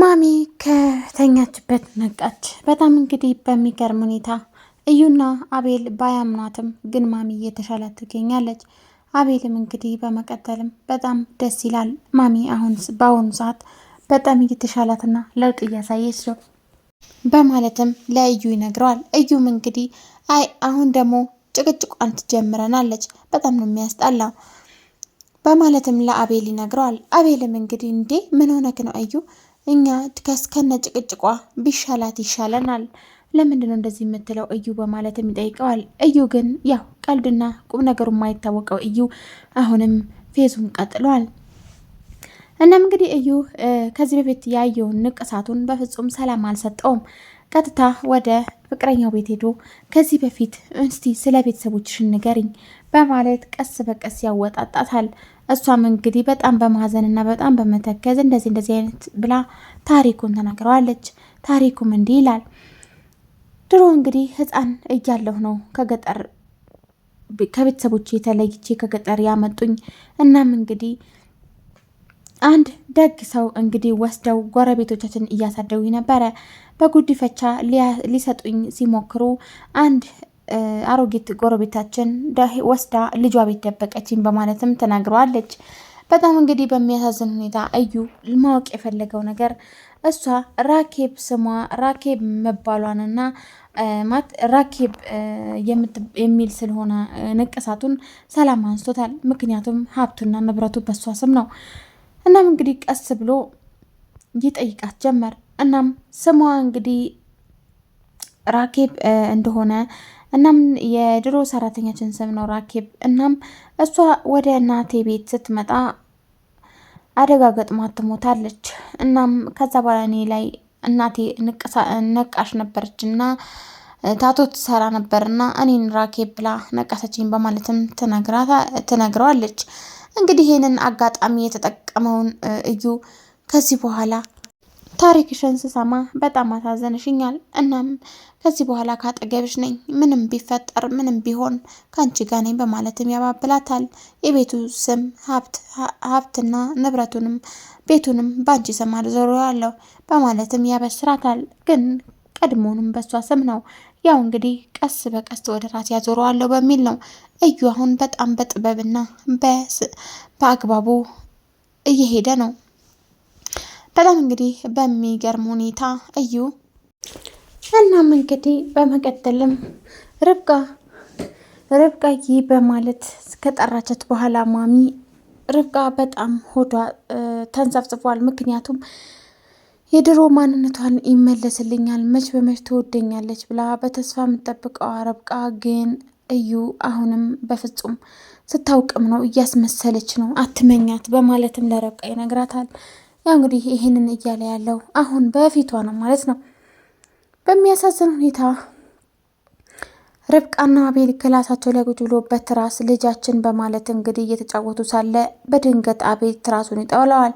ማሚ ከተኛችበት ነቃች። በጣም እንግዲህ በሚገርም ሁኔታ እዩና አቤል ባያምኗትም ግን ማሚ እየተሻላት ትገኛለች። አቤልም እንግዲህ በመቀጠልም በጣም ደስ ይላል። ማሚ አሁን በአሁኑ ሰዓት በጣም እየተሻላትና ለውጥ እያሳየች ነው በማለትም ለእዩ ይነግረዋል። እዩም እንግዲህ አይ አሁን ደግሞ ጭቅጭቋን ትጀምረናለች፣ በጣም ነው የሚያስጠላው በማለትም ለአቤል ይነግረዋል። አቤልም እንግዲህ እንዴ ምን ሆነክ ነው እዩ እኛ ከነ ጭቅጭቋ ቢሻላት ይሻለናል። ለምንድን ነው እንደዚህ የምትለው እዩ በማለትም ይጠይቀዋል። እዩ ግን ያው ቀልድና ቁም ነገሩ የማይታወቀው እዩ አሁንም ፌዙን ቀጥሏል። እናም እንግዲህ እዩ ከዚህ በፊት ያየውን ንቅሳቱን በፍጹም ሰላም አልሰጠውም። ቀጥታ ወደ ፍቅረኛው ቤት ሄዶ ከዚህ በፊት እስቲ ስለ ቤተሰቦችሽ ንገሪኝ በማለት ቀስ በቀስ ያወጣጣታል። እሷም እንግዲህ በጣም በማዘንና በጣም በመተከዝ እንደዚህ እንደዚህ አይነት ብላ ታሪኩን ተናግረዋለች። ታሪኩም እንዲህ ይላል። ድሮ እንግዲህ ሕፃን እያለሁ ነው ከገጠር ከቤተሰቦች የተለይቼ ከገጠር ያመጡኝ። እናም እንግዲህ አንድ ደግ ሰው እንግዲህ ወስደው ጎረቤቶቻችን እያሳደጉኝ ነበረ። በጉዲፈቻ ሊሰጡኝ ሲሞክሩ አንድ አሮጊት ጎረቤታችን ወስዳ ልጇ ቤት ደበቀችኝ በማለትም ተናግረዋለች። በጣም እንግዲህ በሚያሳዝን ሁኔታ እዩ ማወቅ የፈለገው ነገር እሷ ራኬብ ስሟ ራኬብ መባሏንና ራኬብ የሚል ስለሆነ ንቅሳቱን ሰላም አንስቶታል። ምክንያቱም ሀብቱና ንብረቱ በእሷ ስም ነው። እናም እንግዲህ ቀስ ብሎ ይጠይቃት ጀመር። እናም ስሟ እንግዲህ ራኬብ እንደሆነ እናም የድሮ ሰራተኛችን ስም ነው ራኬብ። እናም እሷ ወደ እናቴ ቤት ስትመጣ አደጋ ገጥሟት ትሞታለች። እናም ከዛ በኋላ እኔ ላይ እናቴ ነቃሽ ነበረች እና ታቶ ትሰራ ነበር እና እኔን ራኬብ ብላ ነቀሰችኝ በማለትም ትነግረዋለች። እንግዲህ ይህንን አጋጣሚ የተጠቀመውን እዩ ከዚህ በኋላ ታሪክሽን ስሰማ በጣም አሳዘንሽኛል። እናም ከዚህ በኋላ ካጠገብሽ ነኝ፣ ምንም ቢፈጠር ምንም ቢሆን ከአንቺ ጋር ነኝ በማለትም ያባብላታል። የቤቱ ስም ሀብትና ንብረቱንም ቤቱንም በአንቺ ስም አዞረዋለሁ በማለትም ያበስራታል። ግን ቀድሞውንም በሷ ስም ነው ያው እንግዲህ ቀስ በቀስ ወደ ያዞረ ያዞረዋለሁ በሚል ነው እዩ አሁን በጣም በጥበብና በአግባቡ እየሄደ ነው። በጣም እንግዲህ በሚገርም ሁኔታ እዩ እናም እንግዲህ በመቀጠልም ርብቃ ርብቃዬ በማለት ከጠራቻት በኋላ ማሚ ርብቃ በጣም ሆዷ ተንጸፍጽፏል። ምክንያቱም የድሮ ማንነቷን ይመለስልኛል፣ መች በመች ትወደኛለች ብላ በተስፋ የምጠብቀዋ ርብቃ ግን እዩ አሁንም በፍጹም ስታውቅም ነው እያስመሰለች ነው፣ አትመኛት በማለትም ለረብቃ ይነግራታል። ያው እንግዲህ ይህንን እያለ ያለው አሁን በፊቷ ነው ማለት ነው። በሚያሳዝን ሁኔታ ርብቃና አቤል ክላሳቸው ላይ ቁጭ ብሎ ልጃችን በማለት እንግዲህ እየተጫወቱ ሳለ በድንገት አቤል ትራሱን ይጠውለዋል።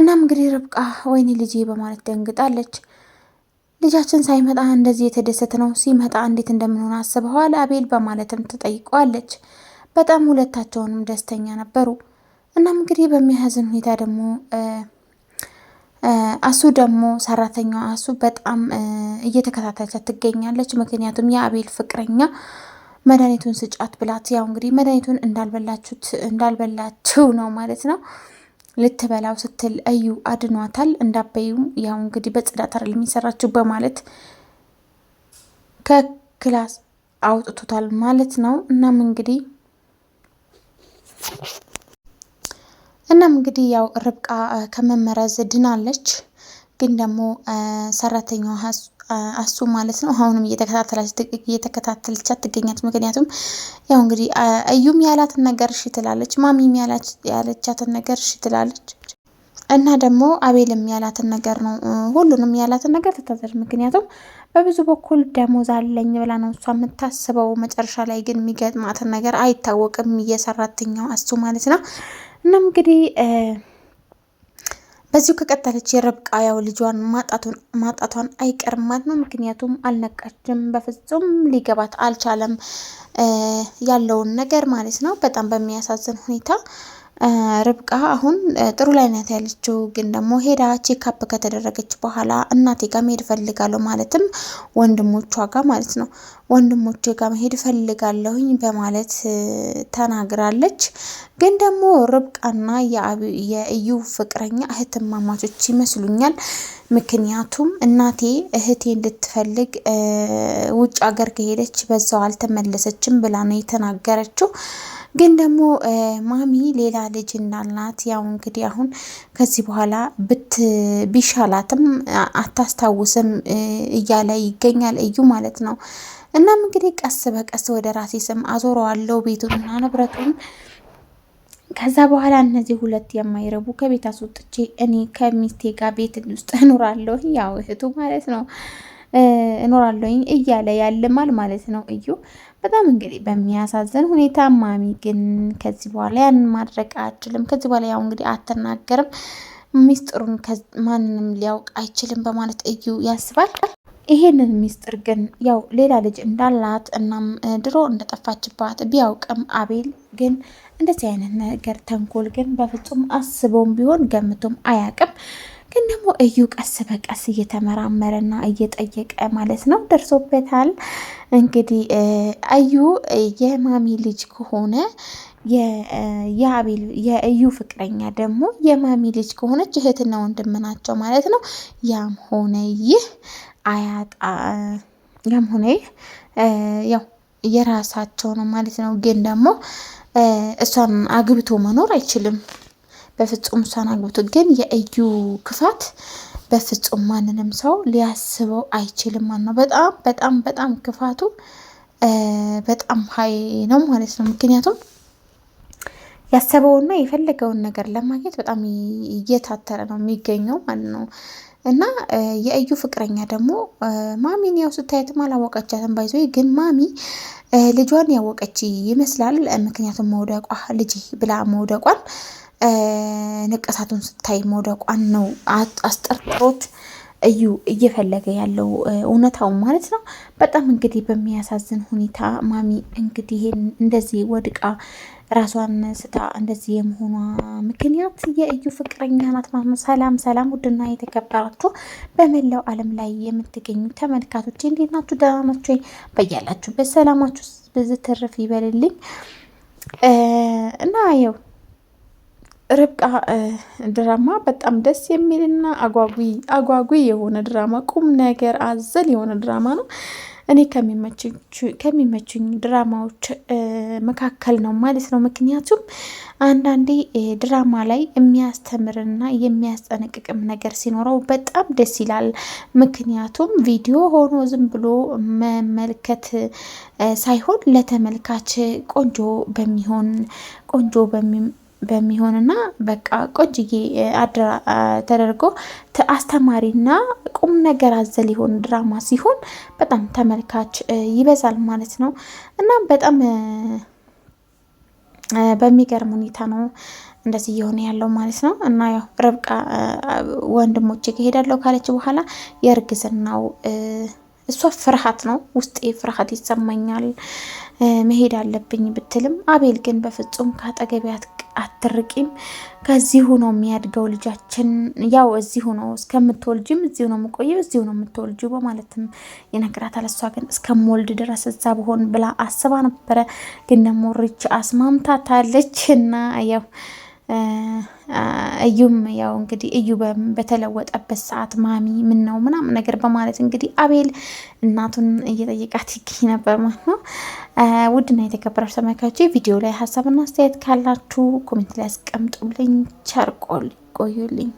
እናም እንግዲህ ርብቃ ወይኔ ልጄ በማለት ደንግጣለች። ልጃችን ሳይመጣ እንደዚህ የተደሰት ነው፣ ሲመጣ እንዴት እንደምንሆን አስበዋል አቤል በማለትም ትጠይቀዋለች። በጣም ሁለታቸውንም ደስተኛ ነበሩ። እናም እንግዲህ በሚያሳዝን ሁኔታ ደግሞ አሱ ደግሞ ሰራተኛዋ አሱ በጣም እየተከታተለቻት ትገኛለች። ምክንያቱም የአቤል ፍቅረኛ መድኃኒቱን ስጫት ብላት፣ ያው እንግዲህ መድኃኒቱን እንዳልበላችሁት እንዳልበላችው ነው ማለት ነው። ልትበላው ስትል እዩ አድኗታል። እንዳበዩም ያው እንግዲህ በጽዳት አይደል የሚሰራችው በማለት ከክላስ አውጥቶታል ማለት ነው። እናም እንግዲህ እናም እንግዲህ ያው ርብቃ ከመመረዝ ድናለች። ግን ደግሞ ሰራተኛዋ አሱ ማለት ነው አሁንም እየተከታተለቻት ትገኛት። ምክንያቱም ያው እንግዲህ እዩም ያላትን ነገር እሺ ትላለች፣ ማሚም ያለቻትን ነገር እሺ ትላለች። እና ደግሞ አቤልም ያላትን ነገር ነው ሁሉንም ያላትን ነገር ትታዘች። ምክንያቱም በብዙ በኩል ደሞዝ አለኝ ብላ ነው እሷ የምታስበው። መጨረሻ ላይ ግን የሚገጥማትን ነገር አይታወቅም፣ እየሰራተኛው አሱ ማለት ነው። እናም እንግዲህ በዚሁ ከቀጠለች የረብቃ ያው ልጇን ማጣቷን አይቀርም ማለት ነው። ምክንያቱም አልነቃችም፣ በፍጹም ሊገባት አልቻለም ያለውን ነገር ማለት ነው። በጣም በሚያሳዝን ሁኔታ ርብቃ አሁን ጥሩ ላይ ናት ያለችው፣ ግን ደግሞ ሄዳ ቼካፕ ከተደረገች በኋላ እናቴ ጋር መሄድ ፈልጋለሁ ማለትም ወንድሞቿ ጋር ማለት ነው ወንድሞቼ ጋር መሄድ ፈልጋለሁኝ በማለት ተናግራለች። ግን ደግሞ ርብቃና የእዩ ፍቅረኛ እህትማማቾች ይመስሉኛል። ምክንያቱም እናቴ እህቴ እንድትፈልግ ውጭ ሀገር ከሄደች በዛው አልተመለሰችም ብላ ነው የተናገረችው። ግን ደግሞ ማሚ ሌላ ልጅ እንዳላት ያው እንግዲህ አሁን ከዚህ በኋላ ብት ቢሻላትም አታስታውስም እያለ ይገኛል እዩ ማለት ነው። እናም እንግዲህ ቀስ በቀስ ወደ ራሴ ስም አዞረዋለሁ ቤቱንና ንብረቱን። ከዛ በኋላ እነዚህ ሁለት የማይረቡ ከቤት አስወጥቼ እኔ ከሚስቴ ጋር ቤት ውስጥ እኖራለሁ፣ ያው እህቱ ማለት ነው። እኖራለሁኝ እያለ ያልማል ማለት ነው። እዩ በጣም እንግዲህ በሚያሳዝን ሁኔታ ማሚ ግን ከዚህ በኋላ ያንን ማድረግ አችልም። ከዚህ በኋላ ያው እንግዲህ አትናገርም፣ ሚስጥሩን ማንም ሊያውቅ አይችልም በማለት እዩ ያስባል። ይሄንን ሚስጥር ግን ያው ሌላ ልጅ እንዳላት እናም ድሮ እንደጠፋችባት ቢያውቅም አቤል ግን እንደዚህ አይነት ነገር ተንኮል ግን በፍጹም አስበውም ቢሆን ገምቶም አያውቅም። ግን ደግሞ እዩ ቀስ በቀስ እየተመራመረና እየጠየቀ ማለት ነው ደርሶበታል። እንግዲህ እዩ የማሚ ልጅ ከሆነ የአቤል የእዩ ፍቅረኛ ደግሞ የማሚ ልጅ ከሆነች እህትና ወንድም ናቸው ማለት ነው። ያም ሆነ ይህ አያጣ ያም ሆነ ይህ ያው የራሳቸው ነው ማለት ነው። ግን ደግሞ እሷን አግብቶ መኖር አይችልም። በፍጹም እሷን አግብቶት ግን የእዩ ክፋት በፍጹም ማንንም ሰው ሊያስበው አይችልም ማለት ነው። በጣም በጣም በጣም ክፋቱ በጣም ሀይ ነው ማለት ነው። ምክንያቱም ያሰበውና የፈለገውን ነገር ለማግኘት በጣም እየታተረ ነው የሚገኘው ማለት ነው። እና የእዩ ፍቅረኛ ደግሞ ማሚን ያው ስታየትም አላወቀቻትም፣ ባይዞ ግን ማሚ ልጇን ያወቀች ይመስላል። ምክንያቱም መውደቋ ልጅ ብላ መውደቋን ንቀሳቱን ስታይ መውደቋን ነው አስጠርጥሮት እዩ እየፈለገ ያለው እውነታው ማለት ነው። በጣም እንግዲህ በሚያሳዝን ሁኔታ ማሚ እንግዲህ እንደዚህ ወድቃ ራሷን ስታ እንደዚህ የመሆኗ ምክንያት የእዩ ፍቅረኛ ናት ማለት ነው። ሰላም ሰላም! ውድና የተከበራችሁ በመላው ዓለም ላይ የምትገኙ ተመልካቶች እንዴት ናችሁ? ደህና ናችሁ ወይ? በያላችሁበት ሰላማችሁ ትርፍ ይበልልኝ እና ያው ርብቃ ድራማ በጣም ደስ የሚልና አጓጊ አጓጊ የሆነ ድራማ ቁም ነገር አዘል የሆነ ድራማ ነው። እኔ ከሚመችኝ ድራማዎች መካከል ነው ማለት ነው። ምክንያቱም አንዳንዴ ድራማ ላይ የሚያስተምርና የሚያስጠነቅቅም ነገር ሲኖረው በጣም ደስ ይላል። ምክንያቱም ቪዲዮ ሆኖ ዝም ብሎ መመልከት ሳይሆን ለተመልካች ቆንጆ በሚሆን ቆንጆ በሚ በሚሆንና በቃ ቆንጅዬ ተደርጎ አስተማሪና ቁም ነገር አዘል የሆኑ ድራማ ሲሆን በጣም ተመልካች ይበዛል ማለት ነው እና በጣም በሚገርም ሁኔታ ነው እንደዚህ እየሆነ ያለው ማለት ነው እና ያው ርብቃ ወንድሞቼ ከሄዳለሁ ካለች በኋላ የእርግዝናው እሷ ፍርሃት ነው ውስጤ ፍርሃት ይሰማኛል መሄድ አለብኝ ብትልም አቤል ግን በፍጹም ከአጠገቢያት አትርቂም፣ ከዚሁ ነው የሚያድገው ልጃችን። ያው እዚሁ ነው እስከምትወልጅም እዚሁ ነው የምቆየው፣ እዚሁ ነው የምትወልጅ በማለትም ይነግራታል። እሷ ግን እስከምወልድ ድረስ እዛ ብሆን ብላ አስባ ነበረ። ግን ደግሞ ሪች አስማምታታለች እና ያው እዩም ያው እንግዲህ እዩ በተለወጠበት ሰዓት ማሚ ምን ነው ምናምን ነገር በማለት እንግዲህ አቤል እናቱን እየጠየቃት ይገኝ ነበር ማለት ነው። ውድና የተከበራችሁ ተመልካቾች ቪዲዮ ላይ ሀሳብና አስተያየት ካላችሁ ኮሜንት ላይ አስቀምጡልኝ። ቸርቆል ቆዩልኝ።